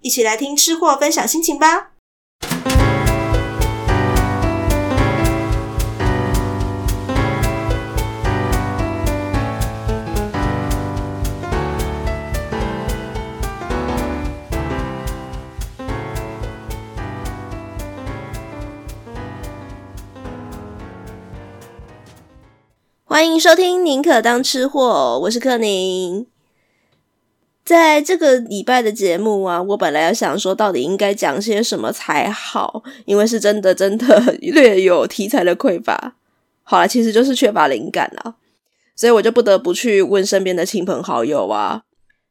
一起來聽吃貨分享心情吧！歡迎收聽《寧可當吃貨》，我是克寧。在這個禮拜的節目啊，我本來要想說到底應該講些什麼才好，因為是真的真的略有題材的匱乏。好啦，其實就是缺乏靈感了、啊，所以我就不得不去問身邊的親朋好友啊。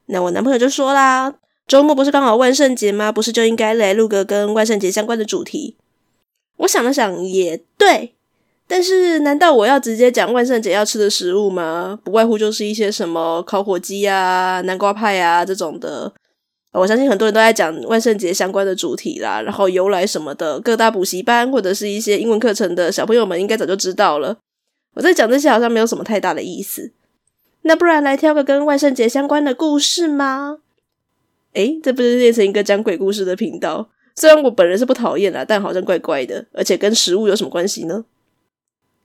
那我男朋友就說啦：“週末不是剛好萬聖節嗎？不是就應該來錄個跟萬聖節相關的主題？”我想了想，也對。但是，難道我要直接講萬聖節要吃的食物嗎？不外乎就是一些什麼烤火雞呀、啊、南瓜派呀、啊、這種的、哦。我相信很多人都在講萬聖節相關的主題啦，然後由來什麼的。各大補習班或者是一些英文課程的小朋友們應該早就知道了。我在講這些好像沒有什麼太大的意思。那不然來挑個跟萬聖節相關的故事嗎？誒，這不是變成一個講鬼故事的頻道？雖然我本人是不討厭啦，但好像怪怪的，而且跟食物有什麼關係呢？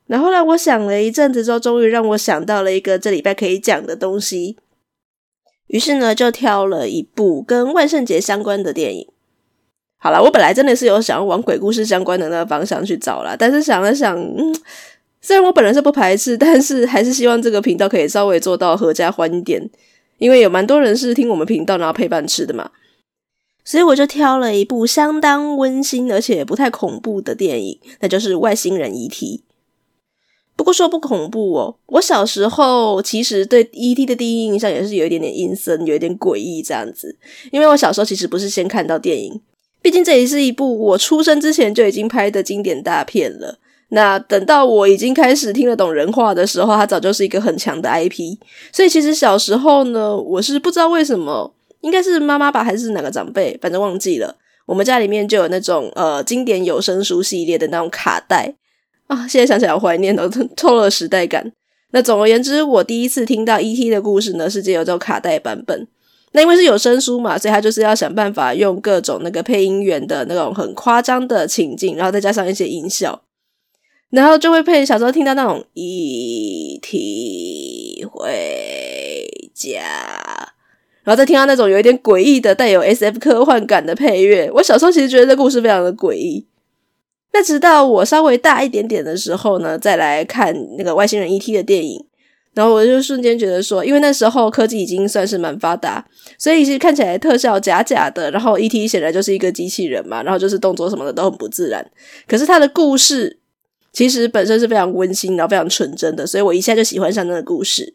然後呢，我想了一陣子之後，終於讓我想到了一個這禮拜可以講的東西。於是呢，就挑了一部跟萬聖節相關的電影。好啦，我本來真的是有想要往鬼故事相關的那個方向去找啦，但是想了想，嗯，雖然我本人是不排斥，但是還是希望這個頻道可以稍微做到合家歡一點，因為有蠻多人是聽我們頻道然後配飯吃的嘛。所以我就挑了一部相當溫馨而且不太恐怖的電影，那就是《外星人 E.T.》。不過說不恐怖哦，我小時候其實對《E.T.》的第一印象也是有一點點陰森，有一點詭異這樣子。因為我小時候其實不是先看到電影，畢竟這也是一部我出生之前就已經拍的經典大片了。那等到我已經開始聽得懂人話的時候，它早就是一個很強的 IP。所以其實小時候呢，我是不知道為什麼，應該是媽媽吧，還是哪個長輩，反正忘記了。我們家裡面就有那種呃經典有聲書系列的那種卡帶。啊，現在想起來好懷念哦，透了時代感。那總而言之，我第一次聽到 E.T. 的故事呢，是借由這種卡帶版本。那因為是有聲書嘛，所以他就是要想辦法用各種那個配音員的那種很誇張的情境，然後再加上一些音效，然後就會配小時候聽到那種 E.T. 回家，然後再聽到那種有一點詭異的帶有 SF 科幻感的配樂。我小時候其實覺得這故事非常的詭異。那直到我稍微大一點點的時候呢，再來看那個外星人 ET 的電影，然後我就瞬間覺得說，因為那時候科技已經算是蠻發達，所以其實看起來特效假假的，然後 ET 顯然就是一個機器人嘛，然後就是動作什麼的都很不自然。可是它的故事其實本身是非常溫馨，然後非常純真的，所以我一下就喜歡上那個故事。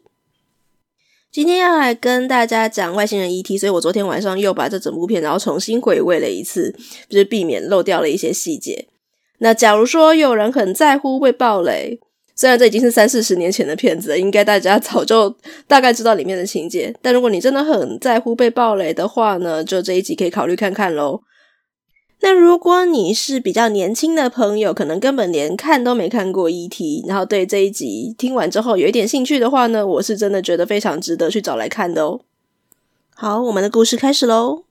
今天要來跟大家講外星人 ET，所以我昨天晚上又把這整部片然後重新回味了一次，就是避免漏掉了一些細節。那假如說有人很在乎被暴雷，雖然這已經是三四十年前的片子了，應該大家早就大概知道裡面的情節。但如果你真的很在乎被暴雷的話呢，就這一集可以考慮看看嘍。那如果你是比較年輕的朋友，可能根本連看都沒看過 E.T.，然後對這一集聽完之後有一點興趣的話呢，我是真的覺得非常值得去找來看的哦。好，我們的故事開始嘍。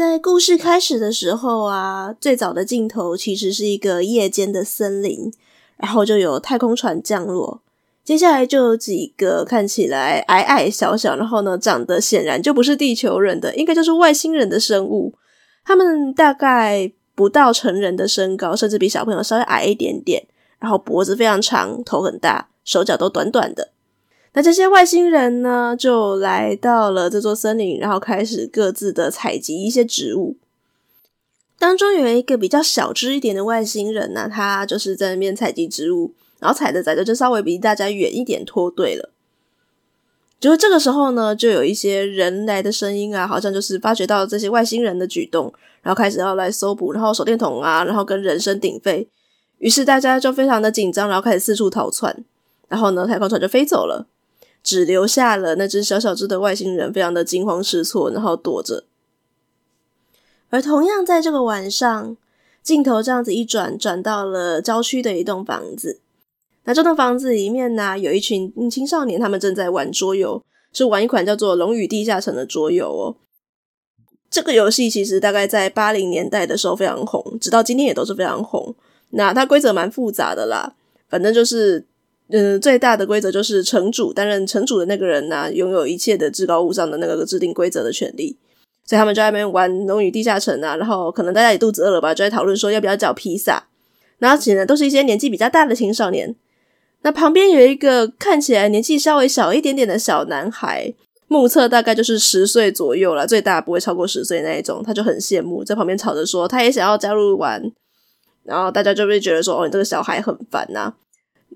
在故事開始的時候啊，最早的鏡頭其實是一個夜間的森林，然後就有太空船降落，接下來就有幾個看起來矮矮小小，然後呢長得顯然就不是地球人的，應該就是外星人的生物。他們大概不到成人的身高，甚至比小朋友稍微矮一點點，然後脖子非常長，頭很大，手腳都短短的。那這些外星人呢，就來到了這座森林，然後開始各自的採集一些植物。當中有一個比較小只一點的外星人呢、啊，他就是在那邊採集植物，然後採着採着就稍微離大家遠一點脫隊了。就是這個時候呢，就有一些人來的聲音啊，好像就是發覺到這些外星人的舉動，然後開始要來搜捕，然後手電筒啊，然後跟人聲鼎沸，於是大家就非常的緊張，然後開始四處逃竄，然後呢，太空船就飛走了。只留下了那隻小小隻的外星人，非常的驚慌失措，然後躲着。而同樣在這個晚上，鏡頭這樣子一轉，轉到了郊區的一棟房子。那這棟房子裡面呢，有一群青少年，他們正在玩桌遊，是玩一款叫做《龍與地下城》的桌遊哦。這個遊戲其實大概在八零年代的時候非常紅，直到今天也都是非常紅。那它規則蠻複雜的啦，反正就是。嗯，最大的規則就是城主，擔任城主的那個人吶、啊，擁有一切的至高無上的那個制定規則的權利。所以他們就在那邊玩龍與地下城啊，然後可能大家也肚子餓了吧，就在討論說要不要叫披薩。然後顯然都是一些年紀比較大的青少年。那旁邊有一個看起來年紀稍微小一點點的小男孩，目測大概就是十歲左右了，最大不會超過十歲那一種，他就很羨慕，在旁邊吵着說他也想要加入玩。然後大家就會覺得說，哦，你這個小孩很煩吶、啊。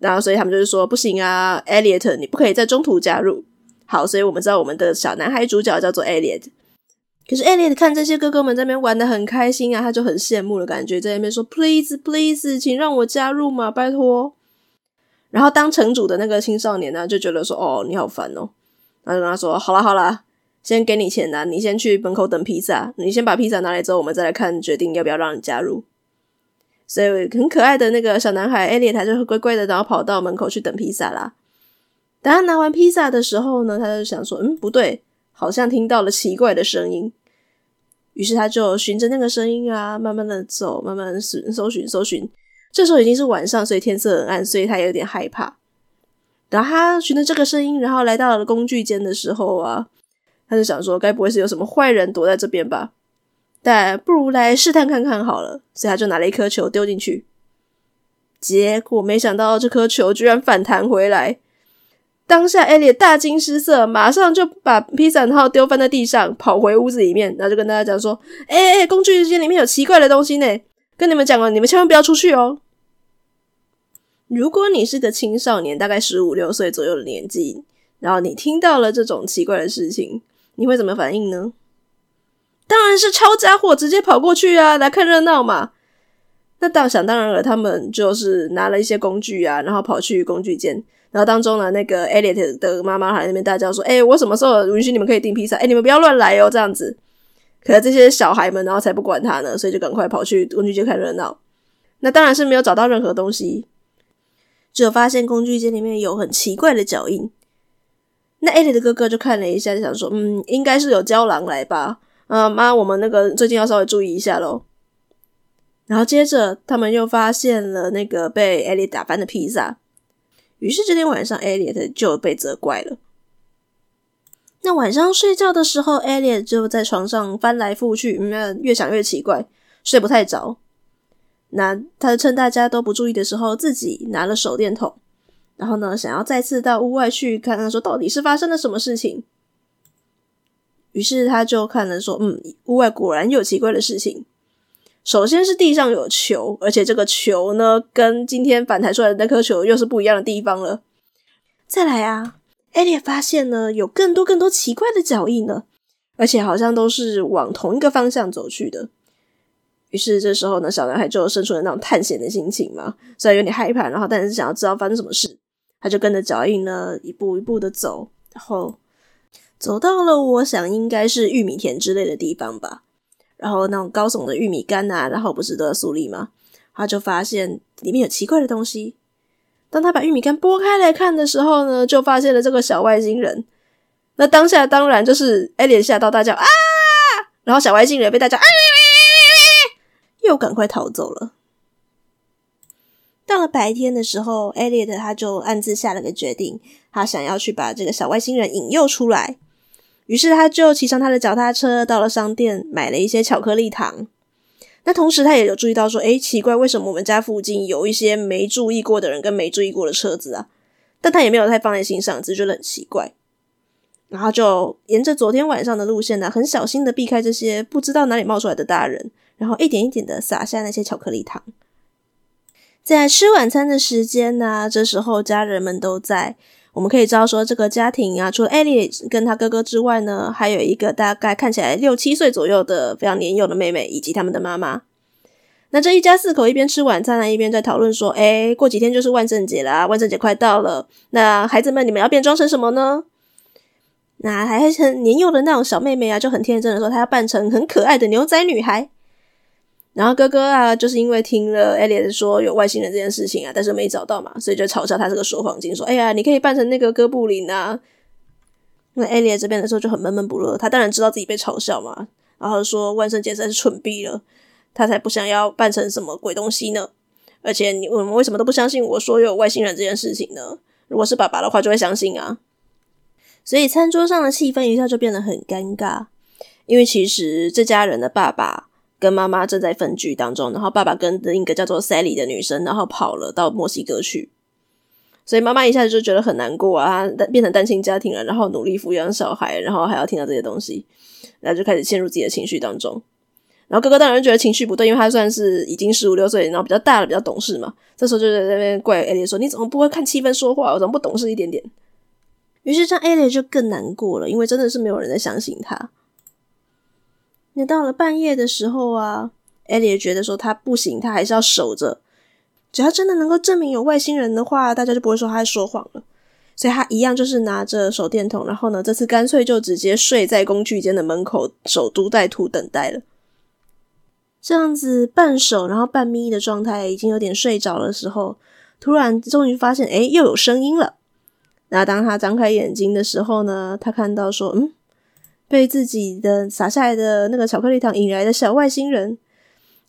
然後，所以他們就是說不行啊 e l i o t 你不可以在中途加入。好，所以我們知道我們的小男孩主角叫做 e l i o t，可是 e l i o t 看這些哥哥們在那邊玩的很開心啊，他就很羨慕的感覺，在那邊說 please, please, please，請讓我加入嘛，拜托。然後當城主的那個青少年呢，就覺得說哦，你好煩哦，那就跟他說好啦好啦，先給你錢吶、啊，你先去門口等披薩，你先把披薩拿來之後，我們再來看決定要不要讓你加入。所以很可愛的那個小男孩艾利，Elliot，他就乖乖的，然後跑到門口去等披薩啦。等他拿完披薩的時候呢，他就想說：“嗯，不對，好像聽到了奇怪的聲音。”於是他就循着那個聲音啊，慢慢的走，慢慢搜搜尋搜尋。這時候已經是晚上，所以天色很暗，所以他也有點害怕。等他循着這個聲音，然後來到了工具間的時候啊，他就想說：“該不會是有什麼壞人躲在這邊吧？”但不如來試探看看好了，所以他就拿了一顆球丟進去，結果沒想到這顆球居然反彈回來。當下艾莉大驚失色，馬上就把披薩套丟翻在地上，跑回屋子裡面，然後就跟大家講說：“哎、欸、哎，工具間裡面有奇怪的東西呢，跟你們講哦，你們千萬不要出去哦。”如果你是個青少年，大概十五六歲左右的年紀，然後你聽到了這種奇怪的事情，你會怎麼反應呢？當然是抄家伙，直接跑過去啊！來看熱鬧嘛。那倒，想當然了，他們就是拿了一些工具啊，然後跑去工具間。然後當中呢，那個艾麗的媽媽還在那邊大叫說：“哎、欸，我什麼時候允許你們可以訂披薩？哎、欸，你們不要亂來哦！”這樣子。可是這些小孩們，然後才不管他呢，所以就趕快跑去工具間看熱鬧。那當然是沒有找到任何東西，只有發現工具間裡面有很奇怪的腳印。那艾麗的哥哥就看了一下，就想說：“嗯，應該是有郊狼來吧。”呃、嗯，媽、啊，我們那個最近要稍微注意一下嘍。然後接着，他們又發現了那個被艾麗打翻的披薩，於是這天晚上艾莉就被責怪了。那晚上睡覺的時候，艾莉就在床上翻來覆去、嗯，越想越奇怪，睡不太着。那他趁大家都不注意的時候，自己拿了手電筒，然後呢，想要再次到屋外去看看，說到底是發生了什麼事情。於是他就看了說，嗯，屋外果然有奇怪的事情。首先是地上有球，而且這個球呢，跟今天反彈出來的那顆球又是不一樣的地方了。再來啊，艾利發現呢，有更多更多奇怪的腳印呢，而且好像都是往同一個方向走去的。於是這時候呢，小男孩就生出了那種探險的心情嘛，雖然有點害怕，然後但是想要知道發生什麼事，他就跟着腳印呢，一步一步的走，然後。走到了，我想應該是玉米田之類的地方吧。然後那種高聳的玉米杆啊，然後不是都要豎立嗎？他就發現裡面有奇怪的東西。當他把玉米杆撥開來看的時候呢，就發現了這個小外星人。那當下當然就是艾略特嚇到大叫啊！然後小外星人被大家，啊，又趕快逃走了。到了白天的時候，艾略特他就暗自下了個決定，他想要去把這個小外星人引誘出來。於是他就騎上他的腳踏車，到了商店買了一些巧克力糖。那同時他也有注意到說，誒，奇怪，為什麼我們家附近有一些沒注意過的人跟沒注意過的車子啊？但他也沒有太放在心上，只覺得很奇怪。然後就沿着昨天晚上的路線呢，很小心的避開這些不知道哪裡冒出來的大人，然後一點一點的撒下那些巧克力糖。在吃晚餐的時間呢，這時候家人們都在。我們可以知道說，這個家庭啊，除了艾略特跟他哥哥之外呢，還有一個大概看起來六七歲左右的非常年幼的妹妹，以及他們的媽媽。那這一家四口一邊吃晚餐呢，一邊在討論說：“哎、欸，過幾天就是萬聖節啦，萬聖節快到了。那孩子們，你們要變裝成什麼呢？”那還很年幼的那種小妹妹啊，就很天真的說：“她要扮成很可愛的牛仔女孩。”然後哥哥啊，就是因為聽了 Elliott 說有外星人這件事情啊，但是沒找到嘛，所以就嘲笑他這個說謊精，說哎呀，你可以扮成那個哥布林啊。那 Elliott 這邊的時候就很悶悶不樂，他當然知道自己被嘲笑嘛，然後說萬聖節真是蠢斃了，他才不想要扮成什麼鬼東西呢。而且你我們為什麼都不相信我說有外星人這件事情呢？如果是爸爸的話就會相信啊。所以餐桌上的氣氛一下就變得很尷尬，因為其實這家人的爸爸。跟媽媽正在分居當中，然後爸爸跟另一個叫做 Sally 的女生，然後跑了到墨西哥去，所以媽媽一下子就覺得很難過啊，她變成單親家庭了，然後努力撫養小孩，然後還要聽到這些東西，然後就開始陷入自己的情緒當中。然後哥哥當然覺得情緒不對，因為他算是已經十五六歲，然後比較大了，比較懂事嘛。這時候就在那邊怪艾莉說：“你怎麼不會看氣氛說話？我怎麼不懂事一點點？”於是，這樣艾莉就更難過了，因為真的是沒有人再相信他。那到了半夜的時候啊，艾略特覺得說他不行，他還是要守着。只要真的能夠證明有外星人的話，大家就不會說他在說謊了。所以他一樣就是拿着手電筒，然後呢，這次乾脆就直接睡在工具間的門口，守株待兔等待了。這樣子半守然後半眯的狀態，已經有點睡着的時候，突然終於發現，哎、欸，又有聲音了。那當他張開眼睛的時候呢，他看到說，嗯。被自己的撒下來的那個巧克力糖引來的小外星人，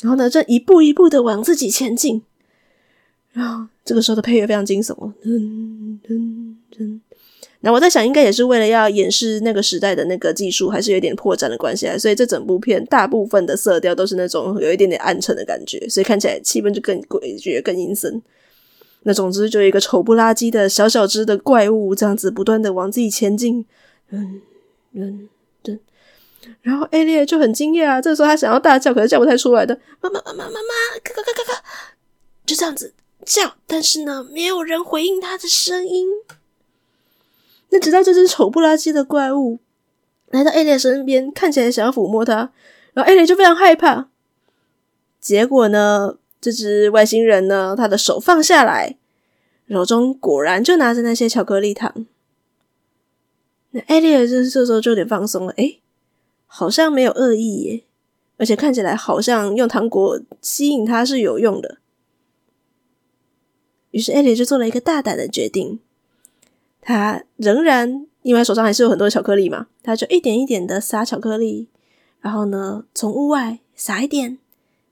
然後呢，正一步一步的往自己前進。然後這個時候的配樂非常驚悚。那、嗯嗯嗯、我在想，應該也是為了要掩飾那個時代的那個技術，還是有點破綻的關係。所以這整部片大部分的色調都是那種有一點點暗沉的感覺，所以看起來氣氛就更詭譎、更陰森。那總之，就一個醜不拉幾的小小只的怪物，這樣子不斷的往自己前進。嗯嗯。對，然後艾麗就很驚訝啊！這個時候她想要大叫，可是叫不太出來的，媽媽媽媽媽媽，咔咔咔咔咔，就這樣子叫，但是呢，沒有人回應她的聲音。那直到這隻醜不拉幾的怪物來到艾麗身邊，看起來想要撫摸她，然後艾麗就非常害怕。結果呢，這隻外星人呢，他的手放下來，手中果然就拿着那些巧克力糖。那艾麗兒，這這時候就有點放鬆了，哎、欸,好像沒有惡意耶，而且看起來好像用糖果吸引他是有用的。於是艾麗兒就做了一個大膽的決定，他仍然因為手上還是有很多巧克力嘛，他就一點一點的撒巧克力，然後呢，從屋外撒一點，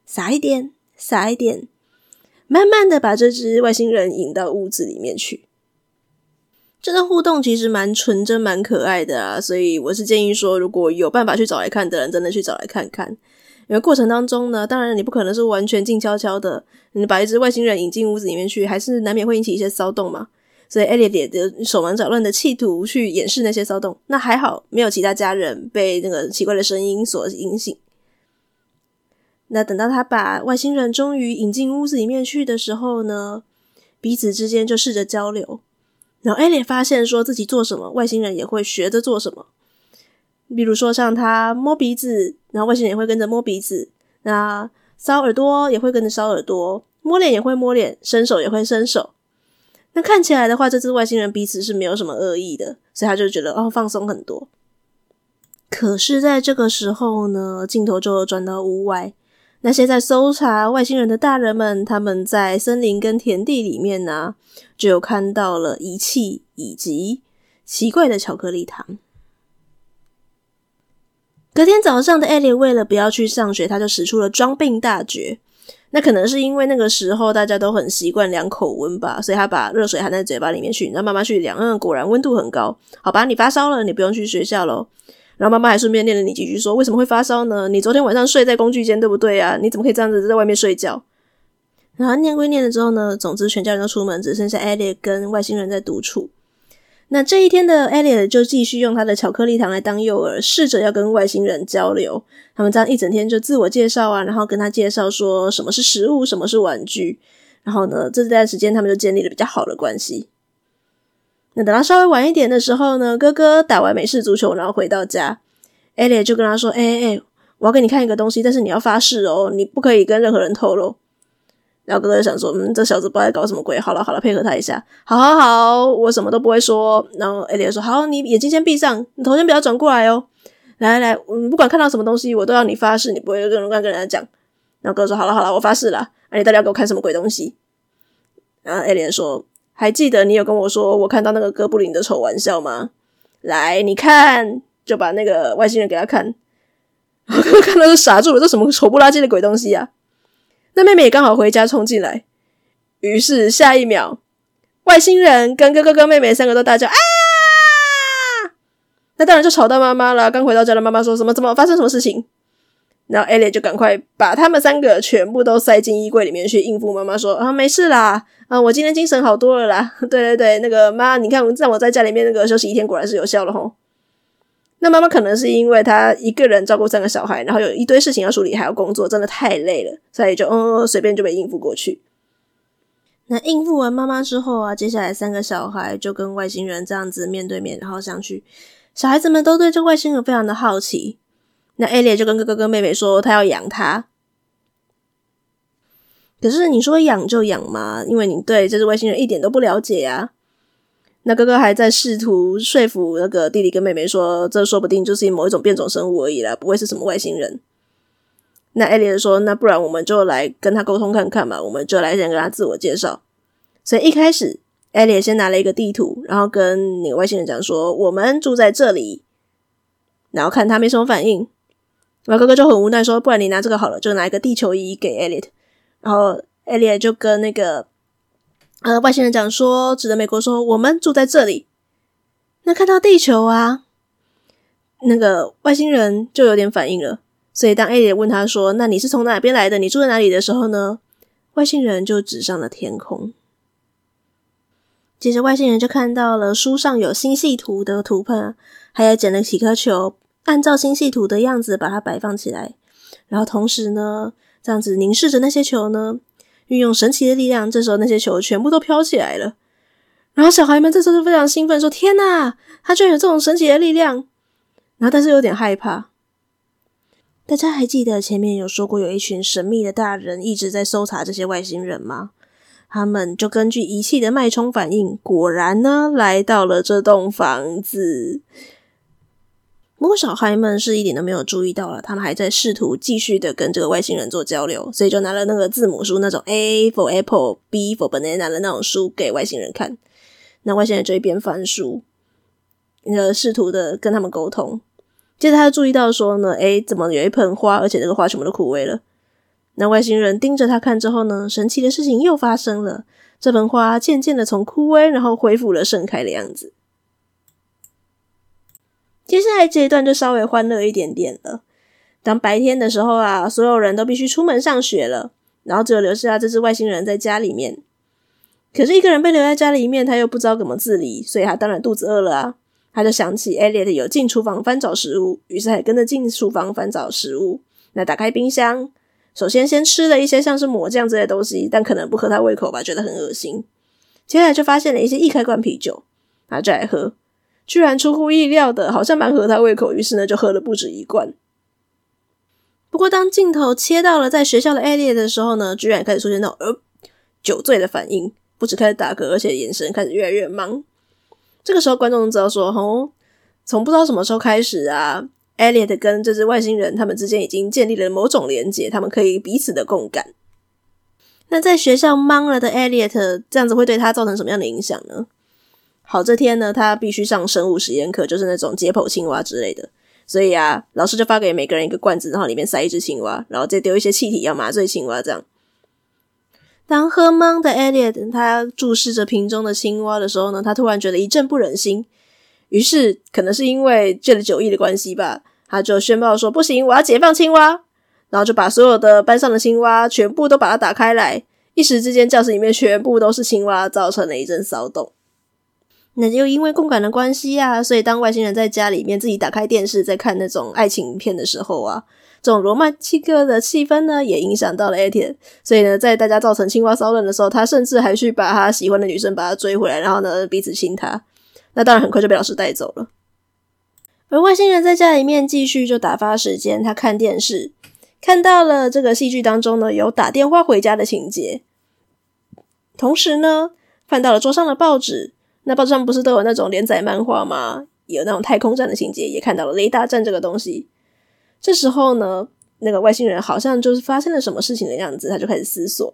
撒一點，撒一點，慢慢的把這隻外星人引到屋子裡面去。這段互動其實蠻純真、蠻可愛的啊，所以我是建議說，如果有辦法去找來看的人，真的去找來看看。因為過程當中呢，當然你不可能是完全靜悄悄的，你把一隻外星人引進屋子裡面去，還是難免會引起一些騷動嘛。所以艾略特的手忙腳亂的企圖去掩飾那些騷動，那還好沒有其他家人被那個奇怪的聲音所影響。那等到他把外星人終於引進屋子裡面去的時候呢，彼此之間就試着交流。然後艾莉發現說自己做什麼外星人也會學着做什麼，比如說像他摸鼻子，然後外星人也會跟着摸鼻子；那搔耳朵也會跟着搔耳朵，摸臉也會摸臉，伸手也會伸手。那看起來的話，這隻外星人彼此是沒有什麼惡意的，所以他就覺得哦，放鬆很多。可是，在這個時候呢，鏡頭就轉到屋外。那些在搜查外星人的大人們，他們在森林跟田地裡面呢、啊，就有看到了儀器以及奇怪的巧克力糖。隔天早上的艾莉為了不要去上學，他就使出了裝病大絕。那可能是因為那個時候大家都很習慣量口溫吧，所以他把熱水含在嘴巴裡面去，讓媽媽去量。嗯，果然溫度很高。好吧，你發燒了，你不用去學校嘍。然後媽媽還順便念了你幾句說，說為什麼會發燒呢？你昨天晚上睡在工具間，對不對啊？你怎麼可以這樣子在外面睡覺？然後念歸念了之後呢，總之全家人都出門，只剩下艾麗跟外星人在獨處。那這一天的艾麗就繼續用他的巧克力糖來當誘餌，試着要跟外星人交流。他們這樣一整天就自我介紹啊，然後跟他介紹說什麼是食物，什麼是玩具。然後呢，這段時間他們就建立了比較好的關係。那等他稍微晚一點的時候呢，哥哥打完美式足球然後回到家，艾蓮就跟他說：“哎、欸、哎、欸、我要給你看一個東西，但是你要發誓哦，你不可以跟任何人透露。”然後哥哥就想說：“嗯，這小子不知道搞什麼鬼。好”好了好了，配合他一下，好好好，我什麼都不會說。然後艾蓮說：“好，你眼睛先閉上，你頭先不要轉過來哦。來來來，不管看到什麼東西，我都要你發誓，你不會跟人亂跟人家講。”然後哥哥說：“好了好了，我發誓了。而、啊、你到底要給我看什麼鬼東西？”然後艾蓮說。還記得你有跟我說我看到那個哥布林的醜玩笑嗎？來，你看，就把那個外星人給他看，我 看到都傻住了，這什麼醜不拉幾的鬼東西呀、啊？那妹妹也剛好回家衝進來，於是下一秒，外星人跟哥哥跟妹妹三個都大叫啊！那當然就吵到媽媽了。剛回到家的媽媽說什麼？怎麼發生什麼事情？然後艾莉就趕快把他們三個全部都塞進衣櫃裡面去應付媽媽，說：“啊，沒事啦，啊，我今天精神好多了啦，對對對，那個媽你看讓我在家裡面那個休息一天，果然是有效了吼。”那媽媽可能是因為她一個人照顧三個小孩，然後有一堆事情要處理，還要工作，真的太累了，所以就嗯，嗯隨便就被應付過去。那應付完媽媽之後啊，接下來三個小孩就跟外星人這樣子面對面，然後上去，小孩子們都對這外星人非常的好奇。那艾麗就跟哥哥跟妹妹說，他要養他。可是你說養就養嘛，因為你對這隻外星人一點都不了解呀，啊。那哥哥還在試圖說服那個弟弟跟妹妹說，這說不定就是某一種變種生物而已啦，不會是什麼外星人。那艾麗說：“那不然我們就來跟他溝通看看嘛，我們就來先跟他自我介紹。”所以一開始，艾麗先拿了一個地圖，然後跟那個外星人講說：“我們住在這裡。”然後看他沒什麼反應。老哥哥就很無奈說：“不然你拿這個好了，就拿一個地球儀給艾 o 特。然後艾 o t 就跟那個呃外星人講說，指着美國說：‘我們住在這裡。’那看到地球啊，那個外星人就有點反應了。所以當艾 o t 問他說：‘那你是從哪邊來的？你住在哪裡？’的時候呢，外星人就指上了天空。接着外星人就看到了書上有星系圖的圖片，還有撿了幾顆球。”按照星系圖的樣子把它擺放起來，然後同時呢，這樣子凝視着那些球呢，運用神奇的力量，這時候那些球全部都飄起來了。然後小孩們這時候就非常興奮，說天、啊：“天哪，他居然有這種神奇的力量！”然後但是有點害怕。大家還記得前面有說過，有一群神秘的大人一直在搜查這些外星人嗎？他們就根據儀器的脈衝反應，果然呢來到了這棟房子。不過小孩們是一點都沒有注意到了，他們還在試圖繼續的跟這個外星人做交流，所以就拿了那個字母書，那種 A for apple, B for banana 的那種書給外星人看。那外星人就一邊翻書，呃，試圖的跟他們溝通。接着他就注意到說呢，哎、欸，怎麼有一盆花，而且這個花全部都枯萎了。那外星人盯着他看之後呢，神奇的事情又發生了，這盆花漸漸的從枯萎，然後恢復了盛開的樣子。接下來這一段就稍微歡樂一點點了。當白天的時候啊，所有人都必須出門上學了，然後只有留下這隻外星人在家裡面。可是一個人被留在家裡面，他又不知道怎麼自理，所以他當然肚子餓了啊。他就想起 Elliot 有進廚房翻找食物，於是還跟着進廚房翻找食物。那打開冰箱，首先先吃了一些像是抹醬這些東西，但可能不合他胃口吧，覺得很噁心。接下來就發現了一些易開罐啤酒，他、啊、就來喝。居然出乎意料的，好像蠻合他胃口，於是呢就喝了不止一罐。不過當鏡頭切到了在學校的 Elliot 的時候呢，居然開始出現那種呃酒醉的反應，不止開始打嗝，而且眼神開始越來越茫。這個時候觀眾都知道說，哦，從不知道什麼時候開始啊，Elliot 跟這只外星人他們之間已經建立了某種連結，他們可以彼此的共感。那在學校茫了的 Elliot 這樣子會對他造成什麼樣的影響呢？好，這天呢，他必須上生物實驗課，就是那種解剖青蛙之類的。所以啊，老師就發給每個人一個罐子，然後裡面塞一隻青蛙，然後再丟一些氣體，要麻醉青蛙。這樣，當喝茫的艾利特他注視着瓶中的青蛙的時候呢，他突然覺得一陣不忍心。於是，可能是因為借了酒意的關係吧，他就宣報說：“不行，我要解放青蛙！”然後就把所有的班上的青蛙全部都把它打開來。一時之間，教室裡面全部都是青蛙，造成了一陣騷動。那就因為共感的關係啊，所以當外星人在家裡面自己打開電視在看那種愛情影片的時候啊，這種羅曼蒂克的氣氛呢，也影響到了 E.T.。所以呢，在大家造成青蛙騷亂的時候，他甚至還去把他喜歡的女生把他追回來，然後呢彼此親他。那當然很快就被老師帶走了。而外星人在家裡面繼續就打發時間，他看電視，看到了這個戲劇當中呢有打電話回家的情節，同時呢翻到了桌上的報紙。那報紙上不是都有那種連載漫畫嗎？有那種太空站的情節，也看到了雷達站這個東西。這時候呢，那個外星人好像就是發生了什麼事情的樣子，他就開始思索。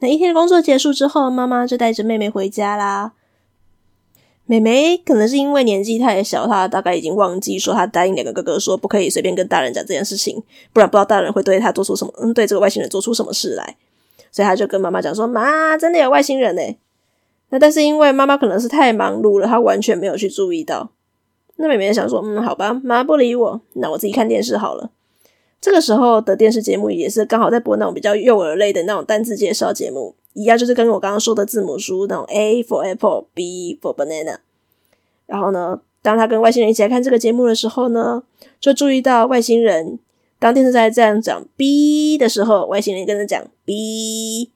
那一天的工作結束之後，媽媽就帶着妹妹回家啦。妹妹可能是因為年紀太小，她大概已經忘記說她答應兩個哥哥說不可以隨便跟大人講這件事情，不然不知道大人會對她做出什麼，嗯，對這個外星人做出什麼事來。所以她就跟媽媽講說：“媽，真的有外星人呢。”那但是因為媽媽可能是太忙碌了，她完全沒有去注意到。那妹妹想說：“嗯，好吧，媽不理我，那我自己看電視好了。”這個時候的電視節目也是剛好在播那種比較幼兒類的那種單字介紹節目，一樣就是跟我剛剛說的字母書那種 A for apple, B for banana。然後呢，當她跟外星人一起來看這個節目的時候呢，就注意到外星人當電視在這樣講 B 的時候，外星人跟着講 B。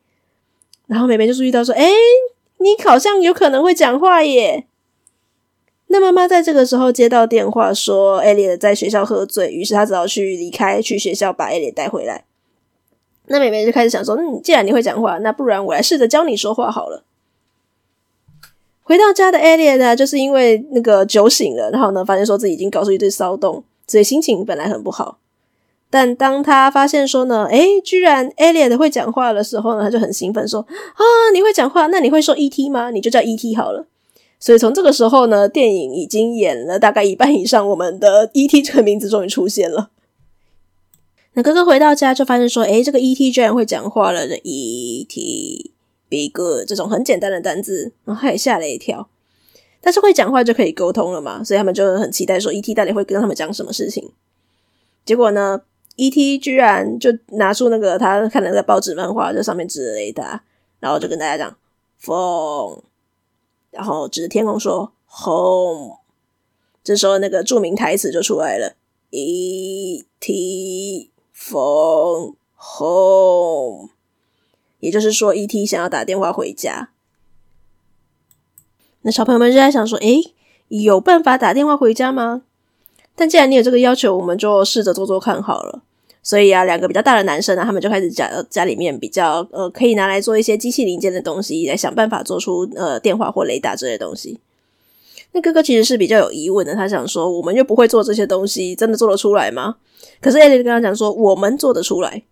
然後妹妹就注意到說：“哎、欸。”你好像有可能會講話耶。那媽媽在這個時候接到電話，說 Elliot 在學校喝醉，於是她只好去離開，去學校把 Elliot 帶回來。那妹妹就開始想說：“嗯，既然你會講話，那不然我來試着教你說話好了。”回到家的 Elliot 呢，就是因為那個酒醒了，然後呢，發現說自己已經搞出一堆騷動，所以心情本來很不好。但當他發現說呢，哎、欸，居然 Elliot 會講話的時候呢，他就很興奮說：“啊，你會講話？那你會說 E.T. 嗎？你就叫 E.T. 好了。”所以從這個時候呢，電影已經演了大概一半以上，我們的 E.T. 這個名字終於出現了。那哥哥回到家就發現說：“哎、欸，這個 E.T. 居然會講話了，E.T. be good 這種很簡單的單字，然後他也嚇了一跳。但是會講話就可以溝通了嘛，所以他們就很期待說 E.T. 到底會跟他們講什麼事情。結果呢？E.T. 居然就拿出那個他看了那個報紙漫畫，在上面指着雷達，然後就跟大家講 “phone”，然後指着天空說 “home”。這時候那個著名台詞就出來了：“E.T. phone home。”也就是說，E.T. 想要打電話回家。那小朋友們就在想說：“誒、欸，有辦法打電話回家嗎？”但既然你有這個要求，我們就試着做做看好了。所以啊，兩個比較大的男生呢、啊，他們就開始家、呃、家裡面比較呃，可以拿來做一些機器零件的東西，來想辦法做出呃電話或雷達這些東西。那哥哥其實是比較有疑問的，他想說，我們又不會做這些東西，真的做得出來嗎？可是艾莉跟他講說，我們做得出來。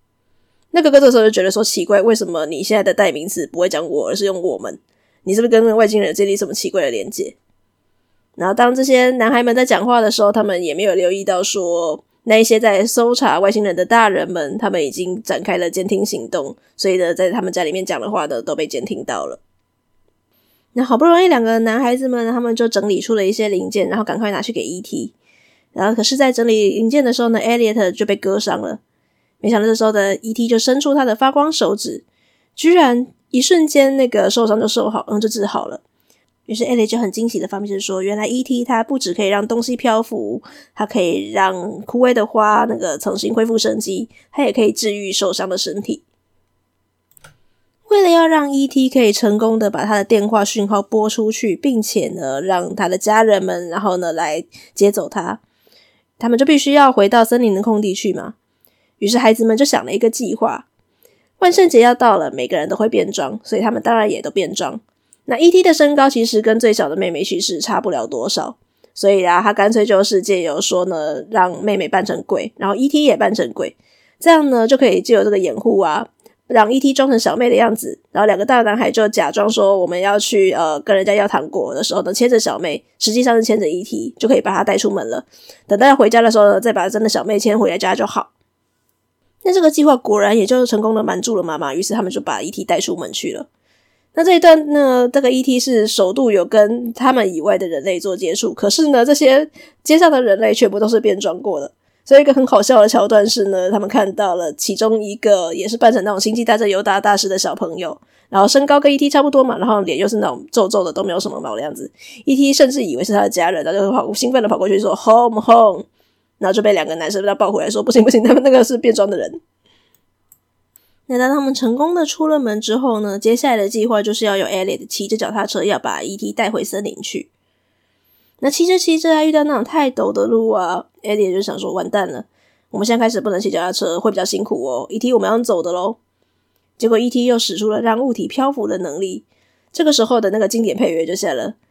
那哥哥這時候就覺得說奇怪，為什麼你現在的代名詞不會講我，而是用我們？你是不是跟外星人建立什麼奇怪的連接？然後，當這些男孩們在講話的時候，他們也沒有留意到說，說那一些在搜查外星人的大人們，他們已經展開了監聽行動。所以呢，在他們家裡面講的話呢，都被監聽到了。那好不容易兩個男孩子們，他們就整理出了一些零件，然後趕快拿去給 E.T.，然後可是，在整理零件的時候呢，Elliot 就被割傷了。沒想到這時候的 E.T. 就伸出他的發光手指，居然一瞬間那個受傷就收好，嗯，就治好了。於是艾雷就很驚喜的發現是說，原來 E.T. 它不只可以讓東西漂浮，它可以讓枯萎的花那個重新恢復生機，它也可以治癒受傷的身體。為了要讓 E.T. 可以成功的把他的電話訊號撥出去，並且呢讓他的家人們，然後呢來接走他，他們就必須要回到森林的空地去嘛。於是孩子們就想了一個計劃，萬聖節要到了，每個人都會變裝，所以他們當然也都變裝。那 E T 的身高其實跟最小的妹妹其實差不了多少，所以啊，他乾脆就是借由說呢，讓妹妹扮成鬼，然後 E T 也扮成鬼，這樣呢就可以借由這個掩護啊，讓 E T 裝成小妹的樣子，然後兩個大男孩就假裝說我們要去呃跟人家要糖果的時候呢，牽着小妹實際上是牽着 E T，就可以把他帶出門了。等大家回家的時候呢，再把真的小妹牽回來家就好。那這個計劃果然也就是成功的瞞住了媽媽，於是他們就把 ET 帶出門去了。那這一段呢，這個 ET 是首度有跟他們以外的人類做接觸，可是呢，這些街上的人類全部都是變裝過的。所以一個很好笑的橋段是呢，他們看到了其中一個也是扮成那種星際大戰尤達大師的小朋友，然後身高跟 ET 差不多嘛，然後臉又是那種皺皺的，都沒有什麼毛的樣子。ET 甚至以為是他的家人，然後就好興奮的跑過去說 Home Home，然後就被兩個男生他抱回來說，說不行不行，他們那個是變裝的人。那當他們成功的出了門之後呢，接下來的計劃就是要有 Elliot 騎着腳踏車要把 ET 帶回森林去。那騎着騎着，還遇到那種太陡的路啊，Elliot 就想說：“完蛋了，我們現在開始不能騎腳踏車，會比較辛苦哦，ET 我們要走的嘍。”結果 ET 又使出了讓物體漂浮的能力，這個時候的那個經典配樂就下了。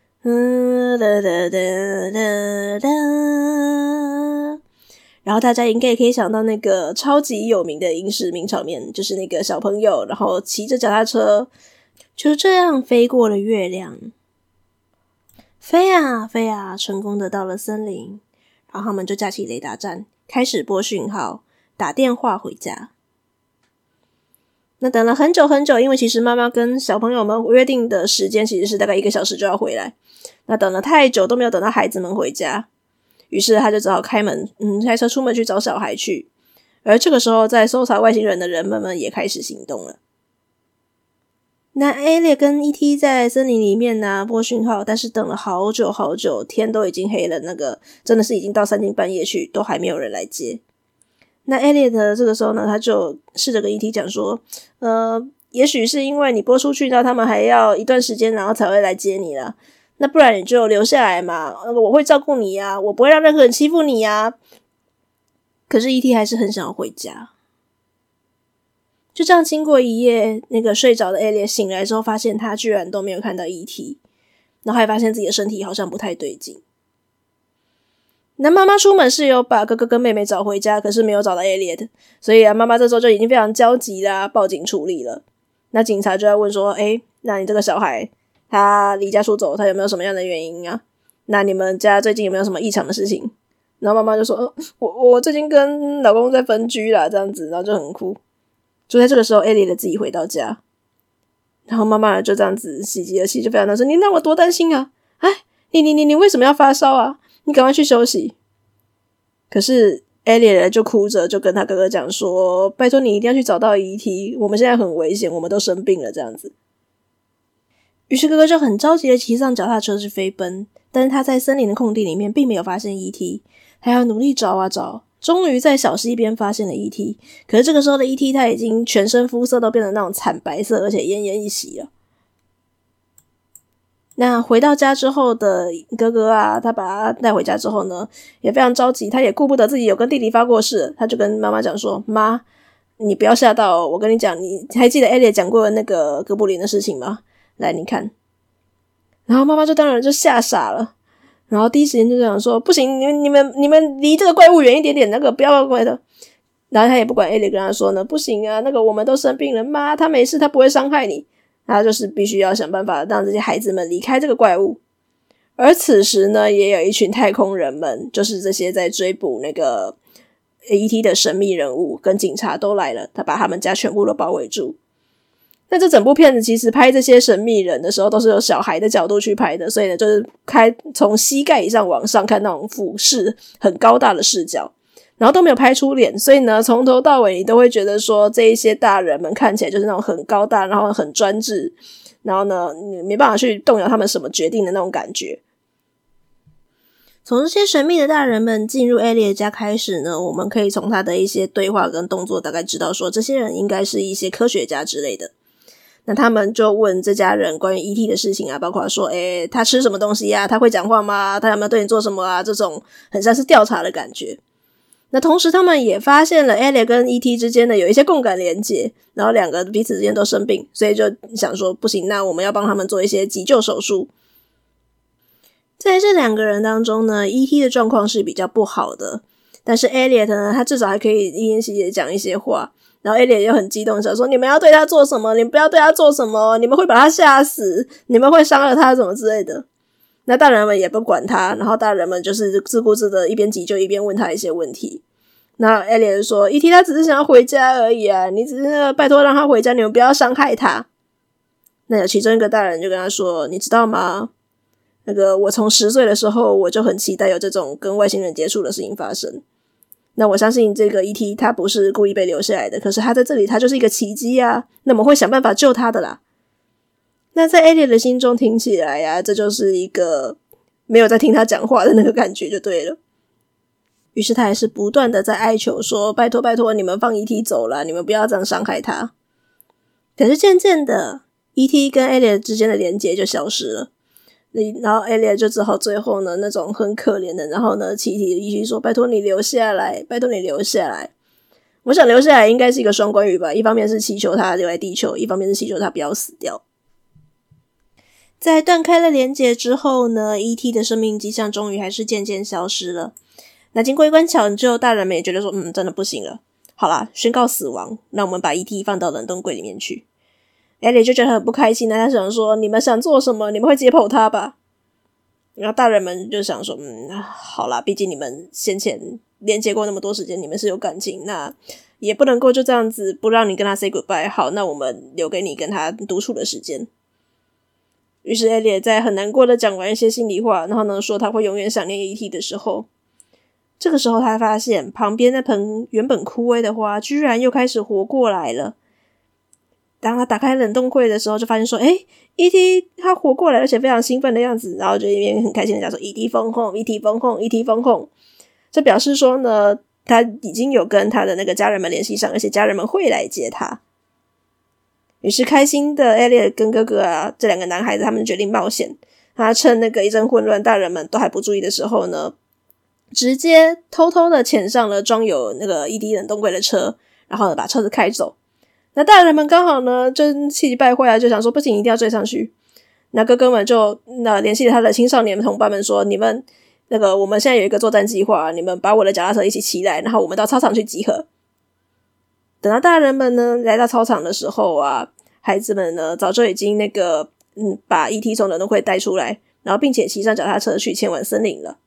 然後大家應該也可以想到那個超級有名的影視名場面，就是那個小朋友，然後騎着腳踏車，就這樣飛過了月亮，飛啊飛啊，成功的到了森林。然後他們就架起雷達站，開始播訊號，打電話回家。那等了很久很久，因為其實媽媽跟小朋友們約定的時間其實是大概一個小時就要回來，那等了太久都沒有等到孩子們回家。於是他就只好開門，嗯，開車出門去找小孩去。而這個時候，在搜查外星人的人們們也開始行動了。那艾麗跟 ET 在森林裡面呢，播訊號，但是等了好久好久，天都已經黑了，那個真的是已經到三更半夜去，都還沒有人來接。那艾麗的這個時候呢，他就試着跟 ET 講說：“呃，也許是因為你播出去，到他們還要一段時間，然後才會來接你了。”那不然你就留下來嘛，我會照顧你呀、啊，我不會讓任何人欺負你呀、啊。可是 E.T. 還是很想要回家。就這樣，經過一夜，那個睡着的艾烈醒來之後，發現他居然都沒有看到 E.T.，然後還發現自己的身體好像不太對勁。那媽媽出門是有把哥哥跟妹妹找回家，可是沒有找到艾烈的，所以啊，媽媽這時候就已經非常焦急的報警處理了。那警察就在問說：“哎、欸，那你這個小孩？”他離家出走，他有沒有什麼樣的原因啊？那你們家最近有沒有什麼異常的事情？然後媽媽就說：“呃、我我最近跟老公在分居了，這樣子。”然後就很哭。就在這個時候，艾麗的自己回到家，然後媽媽就這樣子喜極而泣，就非常難說：“你讓我多擔心啊！哎，你你你你為什麼要發燒啊？你趕快去休息。”可是艾麗就哭着就跟他哥哥講說：“拜託你一定要去找到 E.T.，我們現在很危險，我們都生病了，這樣子。”於是哥哥就很着急的騎上腳踏車去飛奔，但是他在森林的空地裡面並沒有發現 ET，還要努力找啊找，終於在小溪邊發現了 ET。可是這個時候的 ET 他已經全身膚色都變得那種慘白色，而且奄奄一息了。那回到家之後的哥哥啊，他把他帶回家之後呢，也非常着急，他也顧不得自己有跟弟弟發過誓，他就跟媽媽講說：“媽，你不要嚇到我，跟你講，你還記得艾莉講過那個哥布林的事情嗎？”來，你看，然後媽媽就當然就嚇傻了，然後第一時間就這樣說：不行，你們、你們、你們離這個怪物遠一點點，那個不要怪怪的。然後他也不管艾莉，跟他說呢：不行啊，那個我們都生病了，媽，他沒事，他不會傷害你。然後就是必須要想辦法讓這些孩子們離開這個怪物。而此時呢，也有一群太空人們，就是這些在追捕那個 E.T. 的神秘人物跟警察都來了，他把他們家全部都包圍住。那這整部片子其實拍這些神秘人的時候，都是由小孩的角度去拍的，所以呢，就是開從膝蓋以上往上看那種俯視，很高大的視角，然後都沒有拍出臉，所以呢，從頭到尾你都會覺得說，這一些大人們看起來就是那種很高大，然後很專制，然後呢，你沒辦法去動搖他們什麼決定的那種感覺。從這些神秘的大人們進入艾莉家開始呢，我們可以從他的一些對話跟動作，大概知道說，這些人應該是一些科學家之類的。那他們就問這家人關於 ET 的事情啊，包括說，誒、欸、他吃什麼東西呀、啊？他會講話嗎？他有沒有對你做什麼啊？這種很像是調查的感覺。那同時，他們也發現了 Elliot 跟 ET 之間呢，有一些共感連接，然後兩個彼此之間都生病，所以就想說，不行，那我們要幫他們做一些急救手術。在這兩個人當中呢，ET 的狀況是比較不好的，但是 Elliot 呢，他至少還可以依依稀稀講一些話。然後艾蓮又很激動，想說：“你們要對他做什麼？你們不要對他做什麼？你們會把他嚇死，你們會傷了他什麼之類的。”那大人們也不管他，然後大人們就是自顧自的一邊急救一邊問他一些問題。那艾蓮說：“ E.T. 他只是想要回家而已啊，你只是那個拜托讓他回家，你們不要傷害他。”那有其中一個大人就跟他說：“你知道嗎？那個我從十歲的時候我就很期待有這種跟外星人接觸的事情發生。”那我相信這個 ET 他不是故意被留下來的，可是他在這裡，他就是一個奇蹟啊！那我們會想辦法救他的啦。那在艾麗的心中聽起來呀、啊，這就是一個沒有在聽他講話的那個感覺就對了。於是他還是不斷的在哀求說：“拜託拜託，你們放 ET 走了，你們不要這樣傷害他。”可是漸漸的，ET 跟艾麗之間的連接就消失了。你然後艾麗亞就只好最後呢那種很可憐的，然後呢，ET 繼續說：“拜託你留下來，拜託你留下來，我想留下來應該是一個雙關語吧，一方面是祈求他留在地球，一方面是祈求他不要死掉。” 在斷開了連接之後呢，ET 的生命跡象終於還是漸漸消失了。那經過一關搶救，大人們也覺得說：“嗯，真的不行了，好啦，宣告死亡。那我們把 ET 放到冷凍櫃裡面去。”艾莉就覺得很不開心那，她想說：“你們想做什麼？你們會解剖他吧？”然後大人們就想說：“嗯，好啦，畢竟你們先前連接過那麼多時間，你們是有感情，那也不能夠就這樣子不讓你跟他 say goodbye。好，那我們留給你跟他獨處的時間。”於是艾莉在很難過的講完一些心裡話，然後呢說：“他會永遠想念 E.T. 的時候。”這個時候，她發現旁邊那盆原本枯萎的花，居然又開始活過來了。當他打開冷凍櫃的時候，就發現說：“哎，E.T. 他活過來，而且非常興奮的樣子。”然後就一邊很開心的講說：“E.T. phone home，E.T. phone home，E.T. phone home。”這表示說呢，他已經有跟他的那個家人們聯繫上，而且家人們會來接他。於是，開心的艾利跟哥哥啊這兩個男孩子，他們決定冒險。他趁那個一陣混亂，大人們都還不注意的時候呢，直接偷偷的潛上了裝有那個 E.T. 冷凍櫃的車，然後呢把車子開走。那大人們剛好呢，就氣急敗壞啊，就想說不行，不僅一定要追上去。那哥哥們就那聯繫了他的青少年同伴們說：“你們那個，我們現在有一個作戰計劃，你們把我的腳踏車一起騎來，然後我們到操場去集合。”等到大人們呢來到操場的時候啊，孩子們呢早就已經那個嗯，把 ET 從冷凍櫃帶出來，然後並且騎上腳踏車去前往森林了。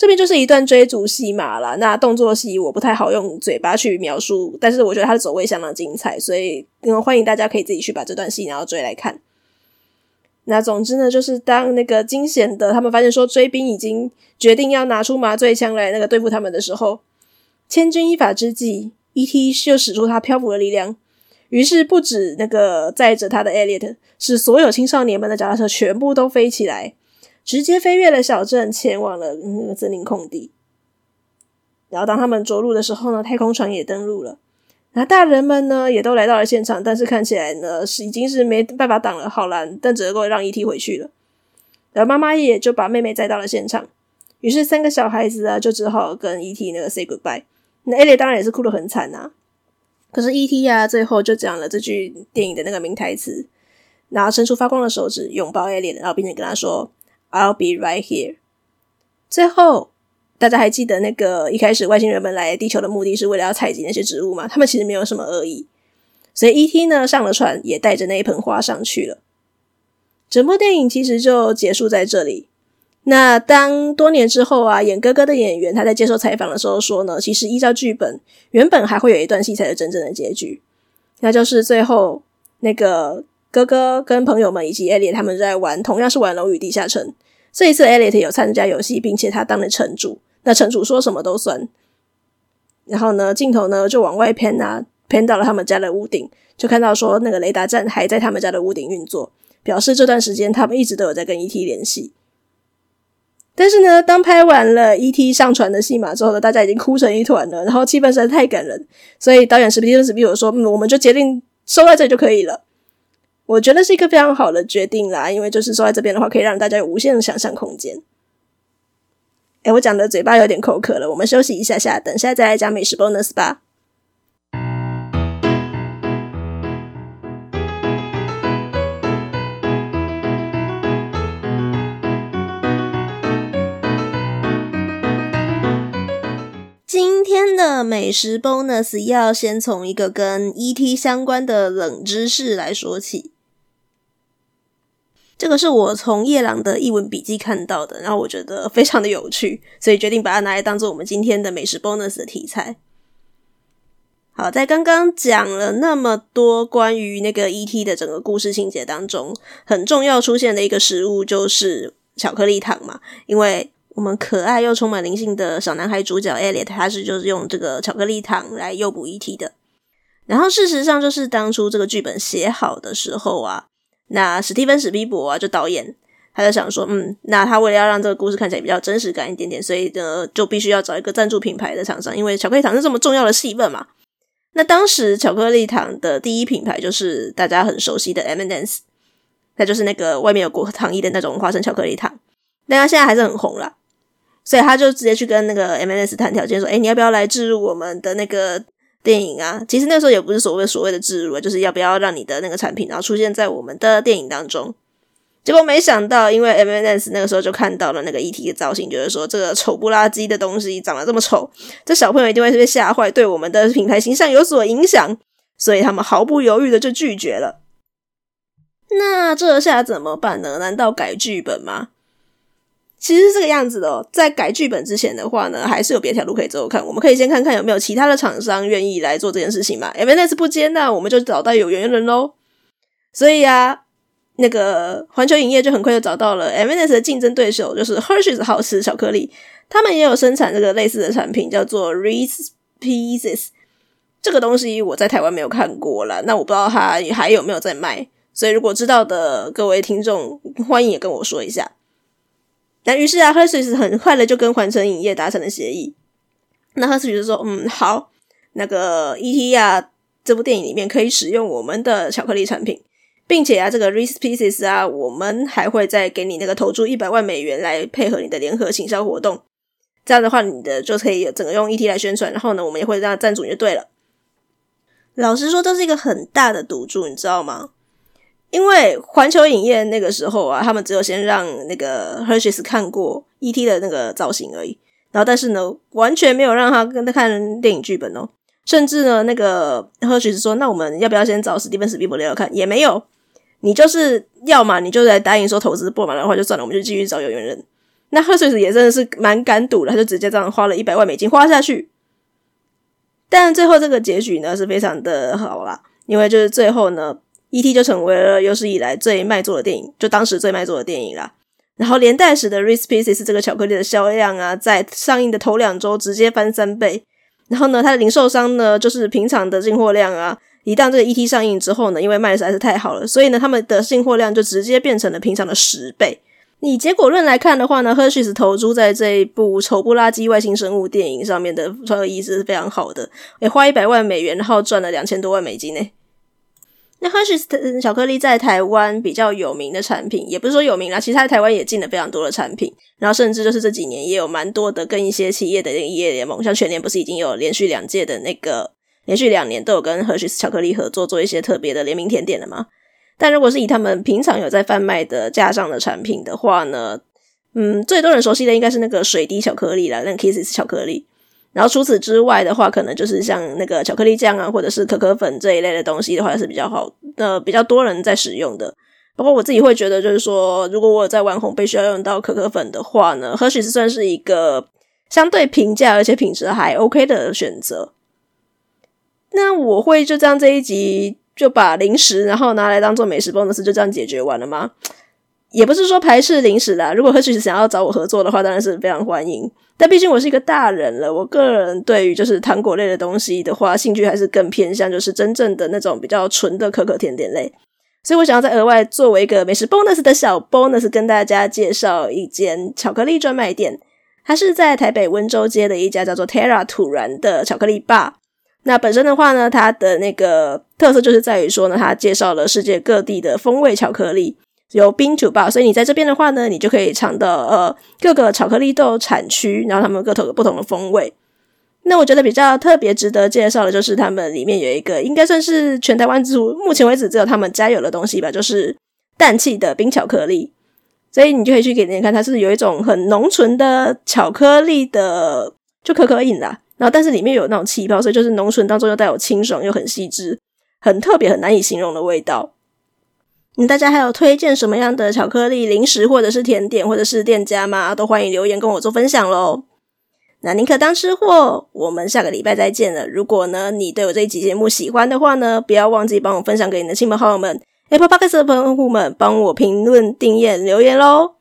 這邊就是一段追逐戲碼了，那動作戲我不太好用嘴巴去描述，但是我覺得他的走位相當精彩，所以，嗯，歡迎大家可以自己去把這段戲然後追來看。那總之呢，就是當那個驚險的，他們發現說追兵已經決定要拿出麻醉槍來那個對付他們的時候，千鈞一髮之際，E.T. 就使出他漂浮的力量，於是不止那個載着他的 Elliot，使所有青少年們的腳踏車全部都飛起來。直接飛越了小鎮，前往了那個森林空地。然後當他們着陸的時候呢，太空船也登陸了。然後大人們呢，也都來到了現場。但是看起來呢，是已經是沒辦法擋了浩南，但只能夠讓 E.T. 回去了。然後媽媽也就把妹妹載到了現場。於是三個小孩子啊，就只好跟 E.T. 那個 say goodbye。那艾莉當然也是哭得很慘啊。可是 E.T. 呀、啊，最後就講了這句電影的那個名台詞，然後伸出發光的手指，擁抱艾莉，然後並且跟他說。I'll be right here。最後，大家還記得那個一開始外星人們來地球的目的是為了要採集那些植物嗎？他們其實沒有什麼惡意，所以 E.T. 呢，上了船，也帶着那一盆花上去了。整部電影其實就結束在這裡。那當多年之後啊，演哥哥的演員他在接受採訪的時候說呢，其實依照劇本，原本還會有一段戲才是真正的結局，那就是最後那個。哥哥跟朋友們以及艾麗他們在玩，同樣是玩《龍與地下城》。這一次，艾麗有參加遊戲，並且他當了城主。那城主說什麼都算。然後呢，鏡頭呢就往外偏啊，偏到了他們家的屋頂，就看到說那個雷達站還在他們家的屋頂運作，表示這段時間他們一直都有在跟 ET 聯繫。但是呢，當拍完了 ET 上船的戲碼之後呢，大家已經哭成一團了，然後氣氛實在太感人，所以導演史匹柏、史匹柏有說：“嗯，我們就決定收到這裡就可以了。”我覺得是一個非常好的決定啦，因為就是說在這邊的話，可以讓大家有無限的想象空間。誒、欸、我講的嘴巴有點口渴了，我們休息一下下，等下再來講美食 bonus 吧。今天的美食 bonus 要先從一個跟 ET 相關的冷知識來說起。這個是我從夜郎的藝文筆記看到的，然後我覺得非常的有趣，所以決定把它拿來當做我們今天的美食 bonus 的題材。好，在剛剛講了那麼多關於那個 ET 的整個故事情節當中，很重要出現的一個食物就是巧克力糖嘛，因為我們可愛又充滿靈性的小男孩主角 Elliot，他是就是用這個巧克力糖來誘捕 ET 的。然後事實上，就是當初這個劇本寫好的時候啊。那史蒂芬史匹柏啊，就導演，他在想說，嗯，那他為了要讓這個故事看起來比較真實感一點點，所以呢，就必須要找一個贊助品牌的廠商，因為巧克力糖是這麼重要的戲份嘛。那當時巧克力糖的第一品牌就是大家很熟悉的 M&M's，那就是那個外面有果糖衣的那種花生巧克力糖，但它現在還是很紅了，所以他就直接去跟那個 M&M's 談條件，說，哎、欸，你要不要來置入我們的那個？電影啊，其實那時候也不是所謂所謂的置入啊，就是要不要讓你的那個產品，然後出現在我們的電影當中。結果沒想到，因為 M&M's 那個時候就看到了那個 E.T. 的造型，就是說這個醜不拉幾的東西，長得這麼醜，這小朋友一定會被嚇壞，對我們的品牌形象有所影響，所以他們毫不猶豫的就拒絕了。那這下怎麼辦呢？難道改劇本嗎？其實是這個樣子的哦，在改劇本之前的話呢，還是有別條路可以走走看。我們可以先看看有沒有其他的廠商願意來做這件事情嘛。MNS 不接，那我們就找到有緣人嘍。所以啊，那個環球影業就很快就找到了 MNS 的競爭對手，就是 Hershey's 好吃巧克力，他們也有生產這個類似的產品，叫做 Reese's Pieces。這個東西我在台灣沒有看過了，那我不知道他還有沒有在賣。所以如果知道的各位聽眾，歡迎也跟我說一下。那於是啊 Hershey 很快的就跟環球影業達成了協議。那 Hershey 就說：“嗯，好，那個《E.T.》啊，這部電影裡面可以使用我們的巧克力產品，並且啊，這個《Reese's Pieces》啊，我們還會再給你那個投注一百萬美元來配合你的聯合行銷活動。這樣的話，你的就可以整個用 E.T. 來宣傳。然後呢，我們也會讓贊助你就對了。老實說，這是一個很大的賭注，你知道嗎？”因為環球影業那個時候啊，他們只有先讓那個 Hershey's 看過 E.T. 的那個造型而已，然後但是呢，完全沒有讓他跟他看電影劇本哦。甚至呢，那個 Hershey's 說：“那我們要不要先找史蒂芬·史匹柏來看？”也沒有。你就是要嘛，你就來答應說投資不滿的話就算了，我們就繼續找有緣人。那 Hershey's 也真的是蠻敢賭的，他就直接這樣花了一百萬美金花下去。但最後這個結局呢是非常的好啦，因為就是最後呢。E.T. 就成為了有史以來最賣座的電影，就當時最賣座的電影啦。然後連帶使得 Reese's Pieces 這個巧克力的銷量啊，在上映的頭兩周直接翻三倍。然後呢，它的零售商呢，就是平常的進貨量啊，一旦這個 E.T. 上映之後呢，因為賣的實在是太好了，所以呢，他們的進貨量就直接變成了平常的十倍。以結果論來看的話呢，Hershey's 投資在這一部醜不拉幾外星生物電影上面的作意識是非常好的，也、欸、花一百萬美元，然後賺了兩千多萬美金呢、欸。那 Hershey's、嗯、巧克力在台灣比較有名的產品，也不是說有名啦，其實它在台灣也進了非常多的產品，然後甚至就是這幾年也有蠻多的跟一些企業的一個異業聯盟，像全年不是已經有連續兩屆的那個，連續兩年都有跟 Hershey's 巧克力合作做一些特別的聯名甜點了嗎？但如果是以他們平常有在販賣的架上的產品的話呢，嗯，最多人熟悉的應該是那個水滴巧克力啦，那 Kisses 巧克力。然後除此之外的話，可能就是像那個巧克力醬啊，或者是可可粉這一類的東西的話，是比較好的、呃，比較多人在使用的。包括我自己會覺得，就是說，如果我有在玩烘焙需要用到可可粉的話呢，或許是算是一個相對平價而且品質還 OK 的選擇。那我會就這樣，這一集就把零食，然後拿來當做美食 bonus 就這樣解決完了嗎？也不是說排斥零食啦，如果或許是想要找我合作的話，當然是非常歡迎。但畢竟我是一個大人了，我個人對於就是糖果類的東西的話，興趣還是更偏向就是真正的那種比較純的可可甜點類。所以我想要再額外作為一個美食 bonus 的小 bonus，跟大家介紹一間巧克力專賣店。它是在台北溫州街的一家叫做 Terra 土然的巧克力吧。那本身的話呢，它的那個特色就是在於說呢，它介紹了世界各地的風味巧克力。有 bean to bar，所以你在這邊的話呢，你就可以嘗到呃各個巧克力豆產區，然後他們各頭有的不同的風味。那我覺得比較特別值得介紹的，就是他們裡面有一個應該算是全台灣之目前為止只有他們家有的東西吧，就是氮氣的冰巧克力。所以你就可以去給人家看，它是有一種很濃醇的巧克力的就可可飲啦，然後但是裡面有那種氣泡，所以就是濃醇當中又帶有清爽，又很細緻，很特別很難以形容的味道。大家還有推薦什麼樣的巧克力、零食或者是甜點，或者是店家嗎？都歡迎留言跟我做分享嘍。那寧可當吃貨，我們下個禮拜再見了。如果呢你對我這一集節目喜歡的話呢，不要忘記幫我分享給你的親朋好友們。Apple Podcast 的朋友們，幫我評論、訂閱、留言嘍。